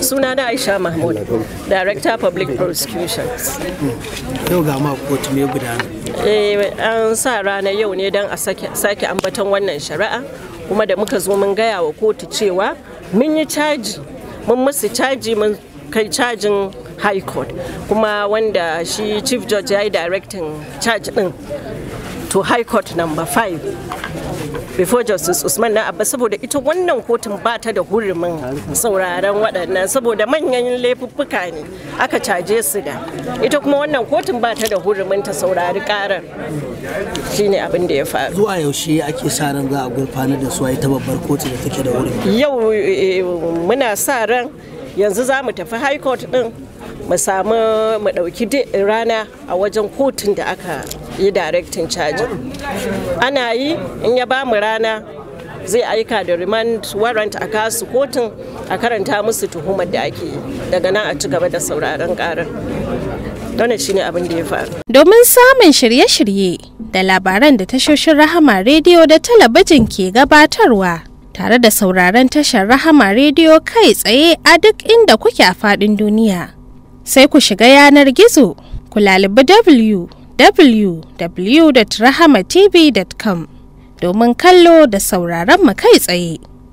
suna da aisha mahmud director public prosecutions yau ga ma kotu me gudana eh, an sa ranar yau ne don a sake ambaton wannan shari'a kuma da muka zo mun gaya wa kotu cewa mun yi caji mun musu caji mun kai cajin high court kuma wanda shi chief judge ya yi directing charge din to high court number 5 before justice usman na abba saboda ita wannan kotun ba ta da hurumin sauraron waɗannan saboda manyan laifuffuka ne aka caje su da ita kuma wannan kotun ba ta da hurumin ta saurari karar shine abin da ya faru zuwa yaushe ake sa ran za a gurfanar da su a ita babbar kotu da take da hurumi yau eh, muna sa ran yanzu za mu tafi high court din mu samu mu ɗauki rana a wajen kotun da aka yi directing charge ana yi in ya ba mu rana zai aika da remand warrant a kasu kotun a karanta musu tuhumar da ake yi daga nan a ci gaba da sauraron karar shi ne abin da ya faru domin samun shirye-shirye da labaran da tashoshin rahama rediyo da talabijin ke gabatarwa tare da sauraron tashar rahama rediyo kai tsaye a duk inda kuke a faɗin duniya sai ku shiga yanar gizo ku lalibi w www.rahamatv.com domin kallo da sauraron mu kai tsaye.